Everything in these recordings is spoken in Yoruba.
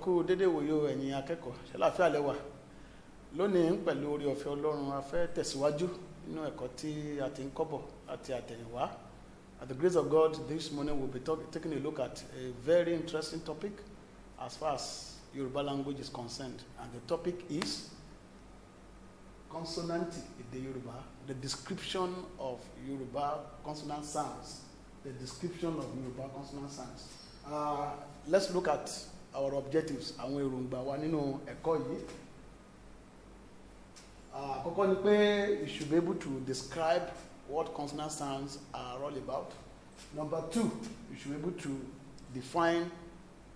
akú dédé wòye ẹ̀yin akẹ́kọ̀ọ́ ṣẹláfíà lẹ́wà lónìí pẹ̀lú orí ọ̀fẹ́ ọlọ́run a tẹ̀síwájú nínú ẹ̀kọ́ tí a ti ń kọ́bọ̀ àti àtẹ̀yìnwá at the grace of God this morning we will be talk, taking a look at a very interesting topic as far as Yoruba language is concerned and the topic is consonant èdè Yoruba. the description of Yoruba consonant sounds the description of Yoruba consonant sounds uh, let's look at our objectives àwọn èròǹgbà wa nínú ẹ̀kọ́ yìí ah, àkọ́kọ́ ni pé you should be able to describe what consonant sounds are all about number two you should be able to define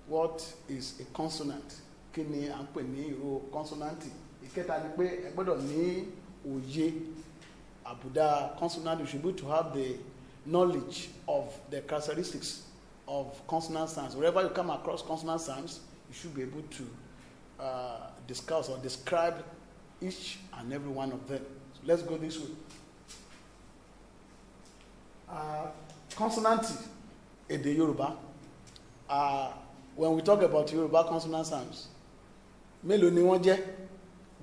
what is a consonant kí ni à ń pè ní ìró consonanti ìkẹta ni pé ẹ gbọ́dọ̀ ní òye àbùdá consonant you should be able to have the knowledge of the characteristics of consonant sounds. Wherever you come across consonant sounds, you should be able to uh, discuss or describe each and every one of them. So let's go this way. Uh, in the Yoruba. Uh, when we talk about Yoruba consonant sounds, mélòó ni wọ́n jẹ́?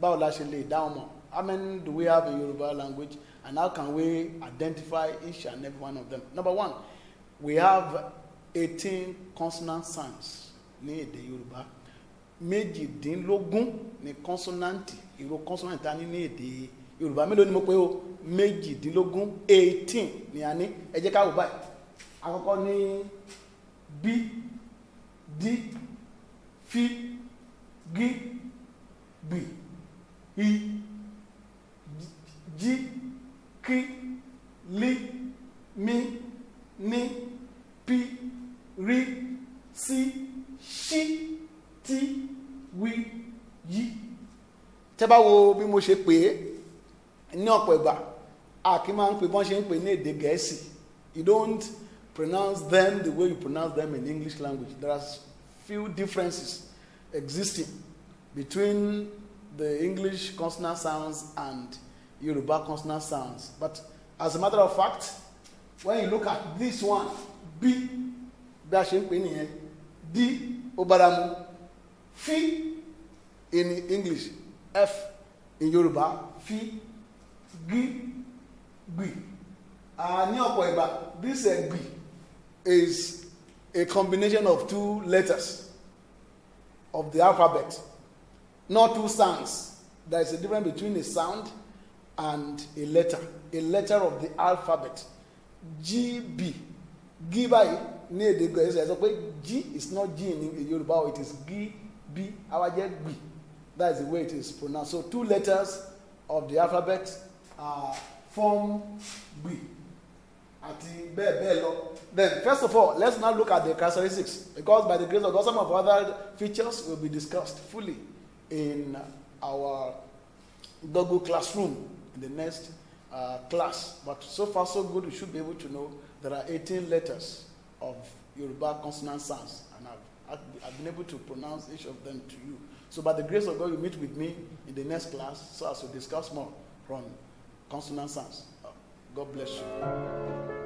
Báwo la ṣe lè dá wọn How many do we have in Yoruba language? And how can we identify each and every one of them? Number one, we have eighteen consonant sounds ní èdè yorùbá méjìdínlógún ní kọ́nsọ́nàǹtì ìró kọ́nsọ́nàǹtì ta ní ní èdè yorùbá mélòó ni mo pé o méjìdínlógún eighteen ni a ní ẹ jẹ́ ká wò báyìí àkọ́kọ́ ni b d f g b i e, j k. rí sí ṣí tí wí yí. tẹ́ wo bí mo ṣe pè é ní ọ̀pọ̀ ìgbà a kì í máa ń pè bọ́n ṣe ń pè ní èdè gẹ̀ẹ́sì you don't pronounce them the way you pronounce them in English language there are few differences existing between the English consonant sounds and Yoruba consonant sounds but as a matter of fact when you look at this one b bí a ṣe ń pè nìyẹn d ó bára mu fi in English f in Yorùbá fi gí gbì ní ọ̀pọ̀ ìgbà this eh, gbì is a combination of two letters of the alphabet not two sounds there is a difference between a sound and a letter a letter of the alphabet gb gí báyìí ní èdè sọ pé g is not g in Yorùbá it is g b awajẹ gbi that is the way it is pronounced so two letters of the alphabet uh, form b. àti bẹ́ẹ̀ bẹ́ẹ̀ lọ. then first of all let's now look at the characteristics because by the grace of God some of other features will be discussed fully in our Google classroom in the next uh, class but so far so good we should be able to know there are 18 letters of Yoruba consonant sounds, and I've, I've been able to pronounce each of them to you. So by the grace of God, you meet with me in the next class so as to discuss more from consonant sounds. Uh, God bless you.